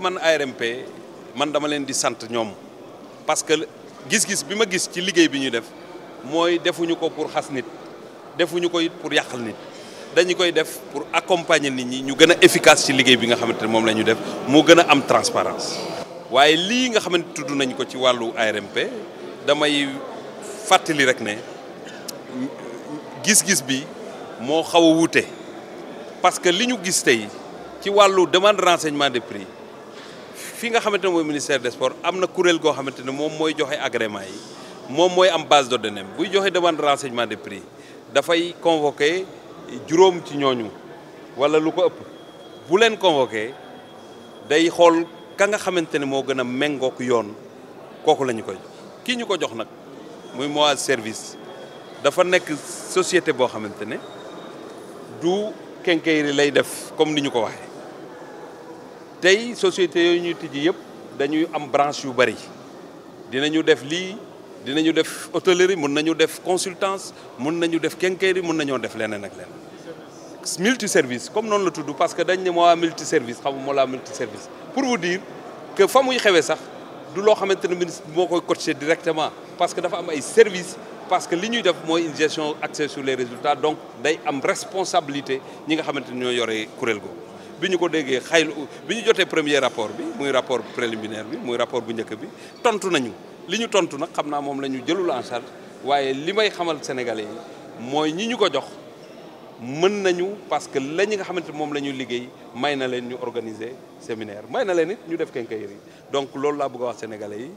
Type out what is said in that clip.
man ARMP man dama leen di sant ñoom parce que gis-gis bi ma gis ci liggéey bi ñuy def mooy defuñu ko pour xas nit defuñu ko it pour yàqal nit dañu koy def pour accompagner nit ñi ñu gën a efficace ci liggéey bi nga xamante ne moom la ñu def moo gën a am transparence waaye lii nga xamante tudd nañ ko ci wàllu ARMP damay fàttali rek ne gis-gis bi moo xaw a wuute parce que li ñu gis tey ci wàllu demande renseignement de prix fi nga xamante ne mooy ministère des sports am na kuréel goo xamante ne moom mooy joxe agrément yi moom mooy am base de données buy joxe demande renseignement de prix dafay convoqué juróom ci ñooñu wala lu ko ëpp bu leen convoqué day xool ka nga xamante ne moo gën a méngook yoon kooku lañu ñu koy kii ñu ko jox nag muy moi service dafa nekk société boo xamante ne du kenkayri lay def comme ni ñu ko waxee tey société yooyu ñuy tijji yëpp dañuy am branche yu bari dinañu def li dinañu def hôtellerie mën nañu def consultance mën nañu def quincaillerie mën nañu def leneen ak leneen. multi service comme non la tuddu parce que dañ ne moo multi service xam moo laa multi service pour vous dire que famuy xewé sax du lo xamante ministre bi koy coacher directement parce que dafa am ay service parce que li ñuy def moy une gestion axée sur les résultats donc day am responsabilité ñi nga xamante ñoy yoré kurel go bi ñu ko déggee xaylu bi ñu jotee premier rapport bi muy rapport préliminaire bi muy rapport bu njëkk bi tontu nañu li ñu tontu nag xam naa moom la ñu jëlul en charge waaye li may xamal sénégalais yi mooy ñi ñu ko jox mën nañu parce que la ñi nga xamante moom la ñuy liggéey may na leen ñu organiser séminaire may na leen it ñu def quincaillerie donc loolu laa bëgg a wax sénégalais yi.